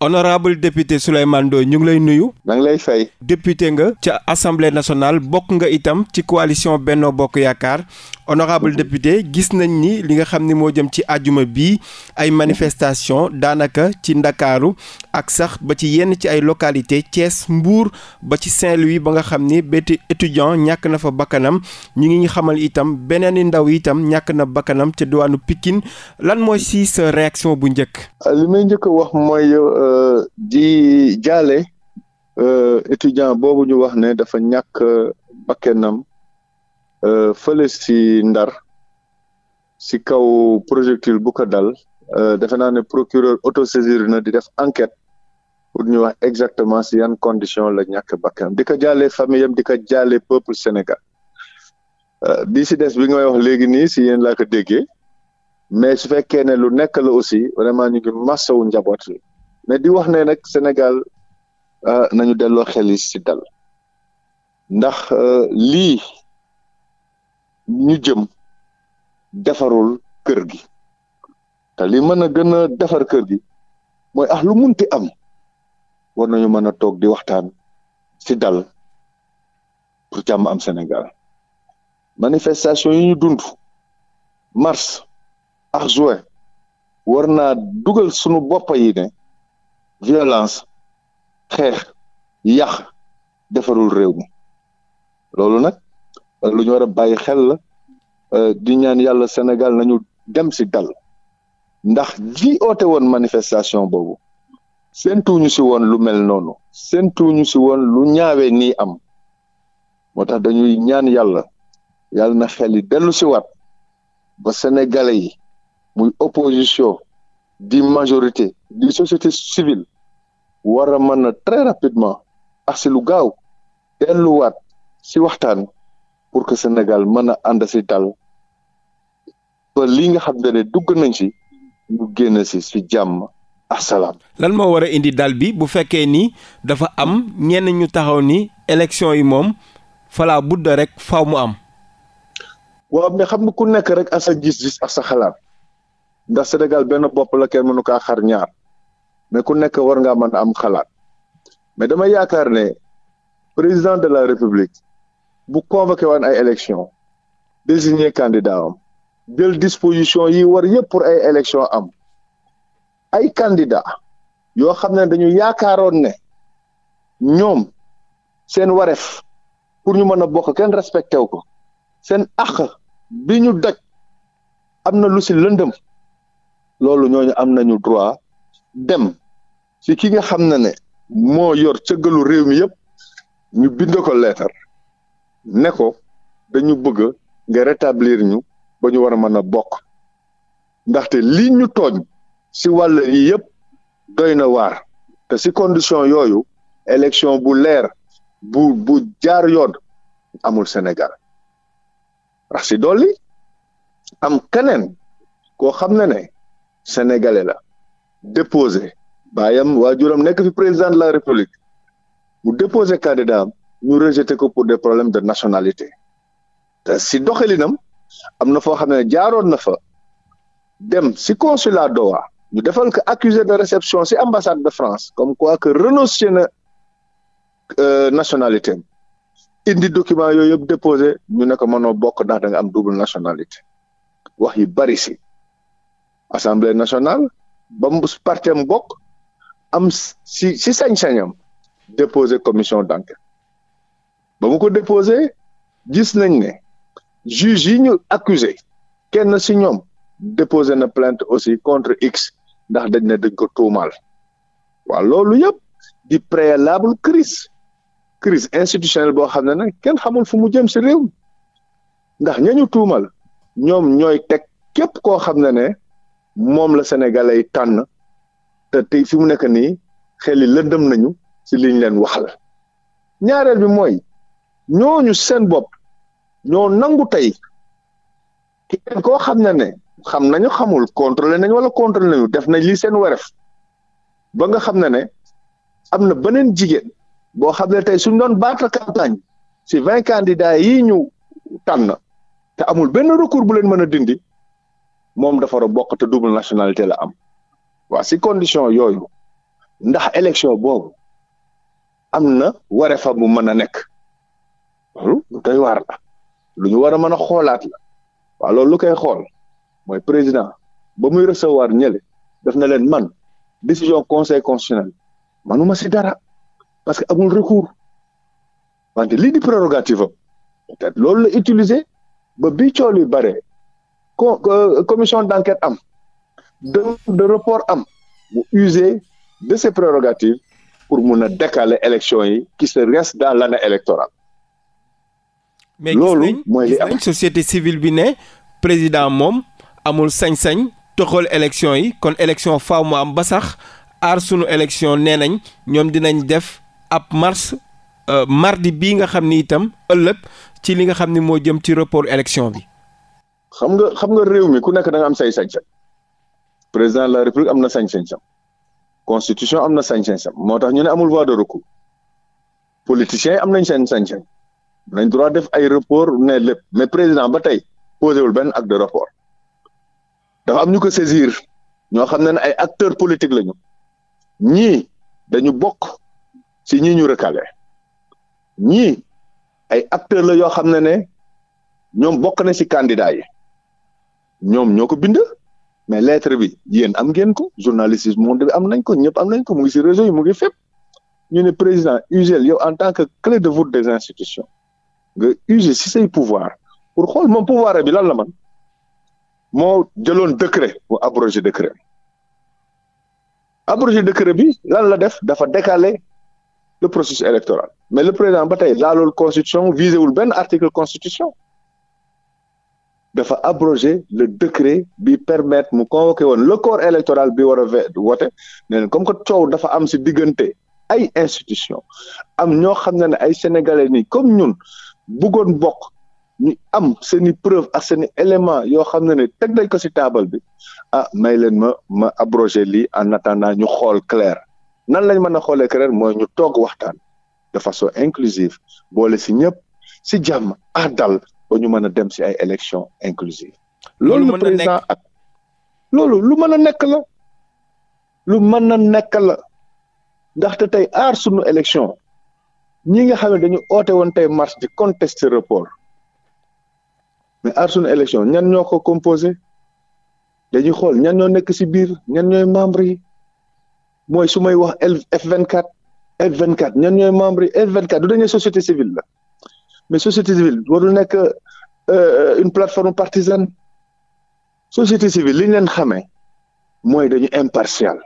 honorable député Souleymane Ndoye ñu ngi lay nuyu. na lay fay. député nga ca assemblée nationale bokk nga itam ci coalition Benno Bokk Yaakaar honorable mm gis nañ ni li nga xam ni moo jëm ci àjjuma bi ay manifestation daanaka ci ndakaaru ak sax ba ci yenn ci ay localité Thiès mbuur ba ci Saint-Louis ba nga xam ni béti étudiant ñàkk na fa bakkanam ñu ngi xamal itam beneen ndaw itam ñàkk na bakkanam ca diwaanu Pikine lan mooy si sa réaction bu njëkk. Ah, li di jaale euh, étudiant boobu ñu wax ne dafa ñàkk euh, bakkenam euh, fale si Ndar si kaw projectile bu ko dal defe naa ne procureur autosaisir na di def enquête pour ñu wax exactement si yan condition la ñàkk bakkanam di ko jaale famille am di ko jaale peuple Sénégal bi si des bi nga wax léegi nii si yéen laa ko déggee mais su fekkee ne lu nekk la aussi vraiment ñu ngi massawu njaboot yi mais di wax ne nag Sénégal euh, nañu delloo xel yi ci dal ndax euh, lii ñu jëm defarul kër gi te li mën a gën a defar kër gi mooy ax lu munti am war nañu mën a toog di waxtaan ci dal pour jàmm am Sénégal manifestation yi ñu dund mars ak juin war naa dugal sunu bopp yi ne violence xeex yàq defarul réew mi loolu nag euh, lu ñu war a bàyyi xel la euh, di ñaan yàlla Sénégal nañu dem si dal ndax ji oote woon manifestation boobu séentuwuñu si woon lu mel noonu séentuwuñu si woon lu ñaawee nii am moo tax dañuy ñaan yàlla yàlla na xel yi dellu si waat ba sénégalais yi muy opposition di majorité di société civile war a mën na très rapidement ak si lu gaaw delluwaat si waxtaan pour que Sénégal mën a ànd si dal ba li nga xam ne dugg nañ si ñu génn si si jàmm asalaam. lan moo war a indi dal bi bu fekkee ni dafa am ñenn ñu taxaw ni élection yi moom falaa budda rek faw mu am. waaw mais xam nga ku nekk rek ak sa gis-gis ak sa xalaat. ndax Sénégal benn bopp la kenn mënu kaa xar ñaar mais ku nekk war ngaa mën a am xalaat mais dama yaakaar ne président de la république bu convoqué waan ay élection désigné candidat am jël disposition yi war yëpp pour ay élection am ay candidat yoo xam ne dañu yaakaaroon ne ñoom seen wareef pour ñu mën a bokk kenn respecté wu ko seen àq bi ñu daj am na lu si lëndëm loolu ñooñu am nañu droit dem ci ki nga xam na ne moo yor cëgalu réew mi yëpp ñu bind ko leetar ne ko dañu bëgg nga rétablir ñu ba ñu war a mën a bokk ndaxte lii ñu tooñ ci wàll yi yëpp doy na waar te ci condition yooyu élection bu leer bu bu jaar yoon amul senegal rax ci dolli am keneen koo xam na ne sénégalais la déposé baayam waajuram nekk fi président de la république mu déposé candidat ñu rejeté ko pour des problèmes de nationalité te si doxalinam am na foo xam ne jaaroon na fa dem si consulat Doha ñu defal ko accusé de réception si ambassade de France comme quoi que renoncé na euh, nationalité am indi document yooyu yëpp déposé ñu ne ko mënoo bokk ndax da nga am double nationalité wax yi bari si assemblée nationale ba mu partem bokk am si si sañ déposé déposer commission d'enquête ba mu ko déposer gis nañ ne juge yi ñu accusé kenn si ñoom déposé na plainte aussi contre x ndax dañ ne dañ ko toumal waaw loolu yëpp di préalable crise crise institutionnelle boo xam ne nag kenn xamul fu mu jëm si réew ndax ñañu tuumal ñoom ñooy teg képp koo xam ne ne moom la sénégalais yi tànn te tey fi mu nekk nii xel yi lëndëm nañu si liñ leen waxal ñaareel bi mooy ñooñu seen bopp ñoo nangu tey kenn koo xam ne ne xam nañu xamul contrôlé nañu wala contrôlé nañu def nañ lii seen waref ba nga xam ne ne am na beneen jigéen boo xam ne tey suñ doon battre campagne si vingt candidats yi ñu tànn te amul benn recours bu leen mën a dindi moom dafa war a bokk te double nationalité la am waa si condition yooyu ndax élection boobu am na waree fa bu mën a nekk loolu lu doy waar la lu ñu war a mën a xoolaat la lu koy xool mooy président ba muy recevoir ñële def na leen man décision conseil constitutionnel manuma si dara parce que amul recours wante lii di prérogative am loolu la utiliser ba bi cool yu bare co commission d' enquête am demande de report am mu user de ses prérogatives pour mun a décaler élection yi ki se reste dans l' année électorale. loolu mooy li am société civile bi ne président moom amul sañ-sañ toxal élection yi kon élection faw mu am ba sax aar sunu élection nee nañ ñoom dinañ def ab mars euh, mardi bii nga xam ni itam ëllëg ci li nga xam ni moo jëm ci report élection bi. xam nga xam nga réew mi ku nekk da am say sañ-sañ président de la république am na sañ-sañam constitution am na sañ-sañam moo tax ñu ne amul voie de recours politiciens am nañ seen sañ-sañ nañ droit def ay report ne lépp mais président ba tey posé wul benn acte de rapport am ñu ko saisir ñoo xam ne ne ay acteurs politique lañu ñii dañu bokk si ñii ñu recalé ñii ay acteurs la yoo xam ne ne ñoom bokk na si candidat yi ñoom ñoo ko bind mais lettre bi yéen am ngeen ko journaliste yi monde am nañ ko ñëpp am nañ ko mu ngi si réseau yi mu ngi fépp ñu ne président usel yow en tant que cle de voûte des institutions nga use si say pouvoir pour xool moom pouvoir bi lan la man moo jëloon décret bu abrogé décret abrogé bi lan la def dafa décaler le processus électoral mais le président ba tey laalool constitution visé wul benn article constitution dafa abroger le décret bi permettre mu convoqué woon le corps électoral bi wara a vote nee na comme que coow dafa am si diggante ay institution am ñoo xam ne ne ay sénégalais nii comme ñun buggoon bokk ñu am seen i preuve ak seen élément yoo xam ne ne teg nañ ko si taabal bi ah may leen ma ma abroger lii en attendant ñu xool clair nan lañ mën a xoolee clair mooy ñu toog waxtaan de façon inclusive boole si ñëpp si jàmm ah dal ba ñu mën a dem si ay élections inclusives loolu la président ak loolu lu mën a nekk la lu mën a nekk la ndaxte tey aar sunu élection ñi nga xam ne dañu oote woon tey marche di contester report mais aar sunu élection ñan ñoo ko composé dañuy xool ñan ñoo nekk si biir ñan ñooy membre yi mooy su may wax F24 F24 ñan ñooy membre yi F24 du dañuy société civile la mais société civile warul nekk euh, une plateforme partisane société civile li leen xamee mooy dañu impartial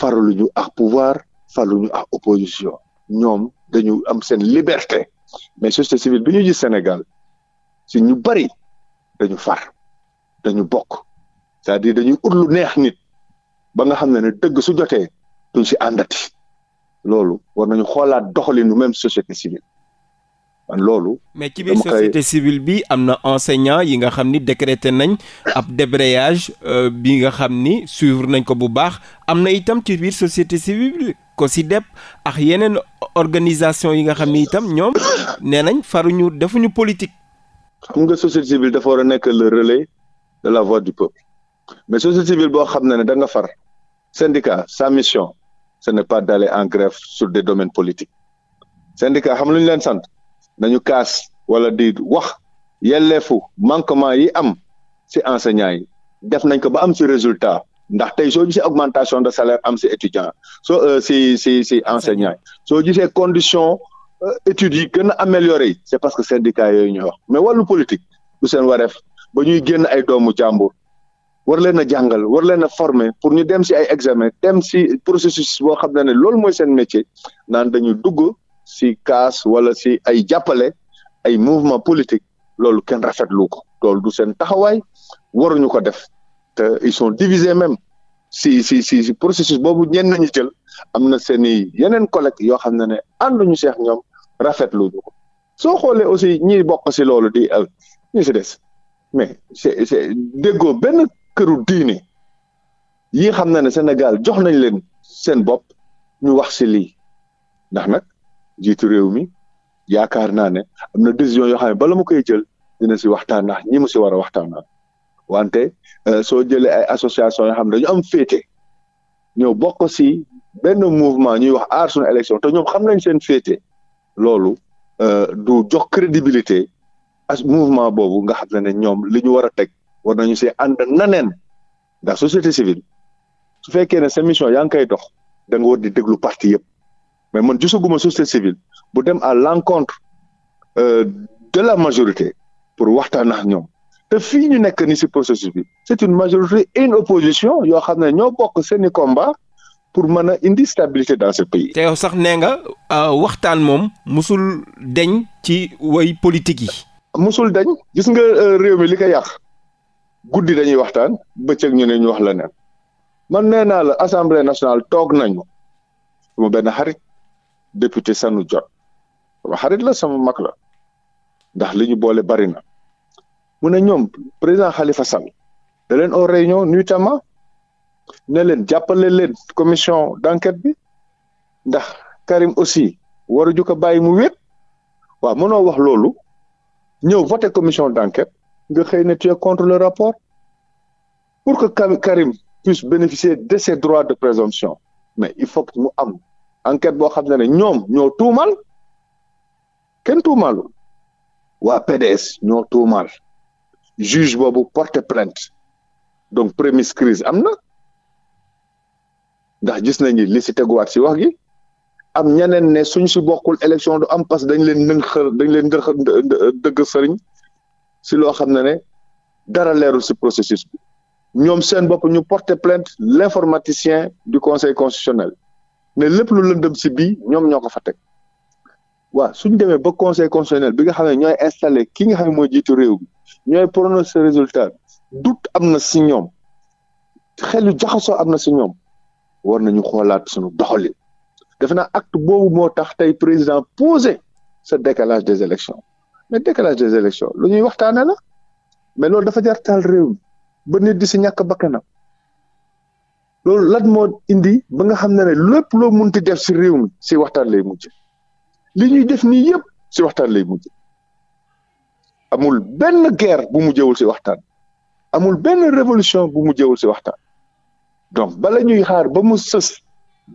faralu ñu ak pouvoir faralu ñu ak opposition ñoom dañu am seen liberté mais société civile bi ñu gis Sénégal si ñu bari dañu far dañu bokk cest di dañu dañuy lu neex nit ba nga xam ne ne dëgg su jotee duñ si àndati loolu war nañu xoolaat doxalinu même société civile loolu. mais ci biir société civile bi am na enseignant yi nga xam ni décrété nañ ab débrayage euh, bi nga xam ni suivre nañ ko bu baax am na itam ci biir société civile ko si depp ak yeneen organisation yi nga xam ni itam ñoom nee nañ faruñu defuñu politique. xam nga société civile dafa war a nekk le relais de la voix du peuple mais société civile boo xam ne ne da nga far syndicat sa mission ce n'est pas d'aller en grève sur des domaines politiques syndicat xam lu leen sant. nañu kaas wala di wax yelleefu manquement yi am si enseignants yi def nañ ko ba am si résultat ndax tey soo gisee augmentation de salaire am si étudiant soo si euh, si si enseignant yi soo gisee condition euh, études yi gën a amélioré yi c'est parce que syndicat yooyu ñuy wax mais walu politique du seen wareef ba ñuy génn ay doomu jàmbur war leen a jàngal war leen a former pour ñu dem si ay examen dem si processus boo xam ne ne loolu mooy seen métier naan dañu dugg si kaas wala si ay jàppale ay mouvement politique loolu kenn rafetlu ko loolu du seen taxawaay waruñu ko def te ils sont divisés même si si si processus boobu ñenn nañu jël am na seen i yeneen collègues yoo xam ne ne ànduñu seex ñoom rafetlu ñu ko soo xoolee aussi ñi bokk si loolu di al ñu si des mais c'est c'est déggoo benn këru diine yi xam na ne Sénégal jox nañ leen seen bopp ñu wax si lii ndax nag jiitu réew mi yaakaar naa ne am na décision yoo xam ne bala mu koy jël dina si waxtaan ak ñi mu si war a waxtaanal wante euh, soo jëlee ay association yoo xam ne dañu am féete ñoo bokk si benn mouvement ñuy wax aar suñu élection te ñoom xam nañ seen féete loolu euh, du jox crédibilité as mouvement boobu nga xam ne ñoom li ñu war a teg war nañu see ànd naneen ndax société civile su fekkee ne sa mission yaa ngi koy dox da nga war di déglu parti yëpp mais man gisaguma société civile bu dem à l'encontre euh, de la majorité pour waxtaan ak ñoom te fii ñu nekk ni si processus bi c'est une majorité et une opposition yoo xam ne ñoo bokk seeni combat pour mën a indi stabilité dans ce pays. te yow sax nee nga euh, waxtaan moom musul deñ ci way politique yi. musul dañ gis nga euh, réew mi li ko yàq guddi dañuy waxtaan bëccëg ñu ne ñu wax la ne mën nee naa la assemblée nationale toog nañu sama benn xarit député sanu jot xarit la sama mag la ndax li ñu boole bari na mu ne ñoom président Khalifa Sall da leen au réunion nuitamment ne leen jàppale leen commission d'enquête bi ndax Karim aussi waruñu ko bàyyi mu wéet waaw mënoo wax loolu ñëw voté commission d'enquête nga xëy na tu es contre le rapport pour que Karim puisse bénéficier de ses droits de présomption mais il faut que mu am enquête boo xam ne ne ñoom ñoo tuumal kenn tuumalu waa PDS ñoo tuumal juge boobu porte plainte donc prémisse crise am na ndax gis nañu li si teguwaat si wax gi am ñeneen ne suñ si bokkul élection du am parce que dañ leen nëng leen dë dëgg sëriñ si loo xam ne ne dara leeru si processus bi ñoom seen bopp ñu porter plainte l'informaticien du conseil constitutionnel mais lépp lu lëndëm si bii ñoom ñoo ko fa teg waaw suñu demee ba conseil constitutionnel bi nga xam ne ñooy installé ki nga xam ne mooy jiitu réew bi ñooy prononcé résultat doute am na si ñoom xelu jaxasoo am na si ñoom war nañu xoolaat suñu doxalin defe na act boobu moo tax tey président posé ce décalage des élections mais décalage des élections lu ñuy waxtaane la mais loolu dafa jar taal réew mi ba nit di si ñàkk bakkanam loolu lan moo indi ba nga xam ne ne lépp loo munti def si réew mi si waxtaan lay mujj li ñuy def nii yëpp si waxtaan lay mujj amul benn guerre bu mujjewul si waxtaan amul benn révolution bu mujjewul si waxtaan donc bala ñuy xaar ba mu sës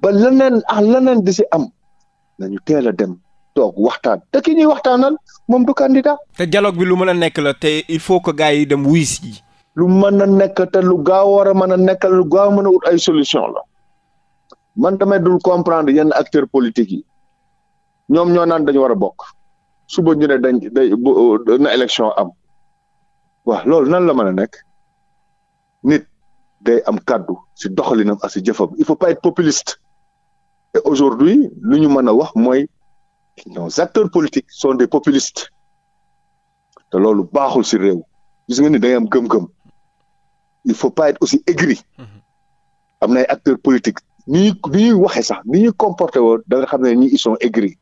ba leneen ah leneen di si am nañu teel a dem toog waxtaan te ki ñuy waxtaanal moom du candidat. te dialogue bi lu mën a nekk la te il faut que gars yi dem wuy si lu mën a nekk te lu gaaw war a mën a nekk lu gaaw mën a wut ay solution la man tamit dul comprendre yenn acteurs politique yi ñoom ñoo naan dañu war a bokk suba ñu ne dañ day na élection am waaw loolu nan la mën a nekk nit day am kàddu si doxalinam ak si jëfam il faut pas être populiste et aujourd'hui lu ñu mën a wax mooy nos acteurs politique sont des populistes te loolu baaxul si réew gis nga ni da am gëm-gëm il faut pas être aussi aigri am na ay acteurs politiques ni ni ñuy waxee sax ni ñuy comporté woo da nga xam ne ñi ils sont aigris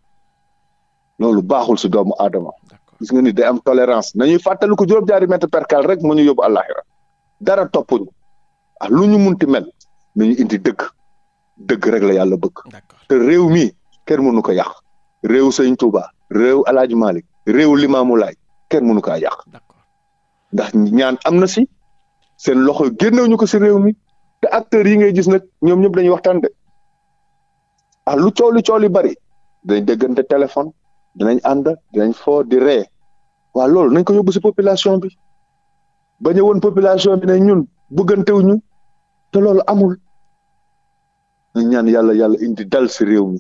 loolu baaxul si doomu aadama gis nga ni day am tolérance nañuy fàttali ko juróom-ñaari mètre percal rek mu ñu yóbbu àllaaxira dara toppuñu ah lu ñu munti mel nañu indi dëgg dëgg rek la yàlla bëgg te réew mi kenn mënu ko yàq réew Sëñ Tuuba réew Alaaji Maalik réew Limaamu Laay kenn mënu kaa yàq ndax ñaan am na si seen loxo génnewuñu ko si réew mi te acteur yi ngay gis nag ñoom ñëpp dañuy waxtaan de ah lu coow li coow li bari dinañ déggante téléphone dinañ ànd dinañ foo di ree waaw loolu nañ ko yóbbu si population bi bañ a population bi ne ñun buggantewuñu te loolu amul ñu ñaan yàlla yàlla indi dal si réew mi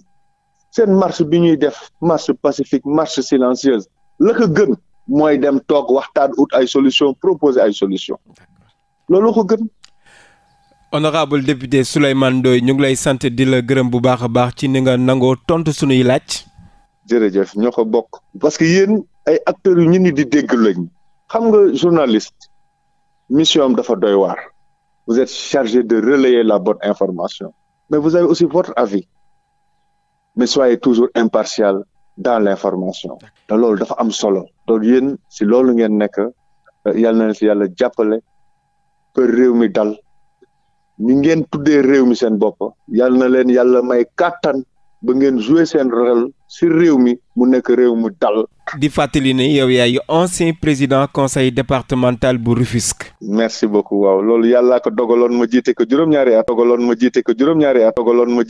seen marché bi ñuy def marché pacifique marché silencieuse la ko gën mooy dem toog waxtaan ut ay solution proposer ay solution loolu ko gën. honorable député Souleymane Ndoye ñu ngi lay sant di la gërëm bu baax a baax ci ni nga nangoo tontu sunuy laaj. jërëjëf ñoo ko bokk. parce que yéen ay acteurs yu ñu ni di dégg lañ xam nga journaliste mission am dafa doy waar. vous êtes chargé de relayer la bonne information. mais vous avez aussi votre avis. mais soyez toujours impartial dans l'information. te loolu dafa am solo. donc yéen si loolu ngeen nekk yàlla na leen si yàlla jàppale. ba réew mi dal ñi ngeen tuddee réew mi seen bopp yàlla na leen yàlla may kàttan ba ngeen jouer seen rôle ci réew mi mu nekk réew mu dal. di fàttali ne yow yaay ancien président conseil départemental bu Rufisque. merci beaucoup waaw loolu yàllaa ko dogaloon ma jiite ko juróom-ñaari at. dogaloon ma jiite ko juróom-ñaari at. dogaloon ma.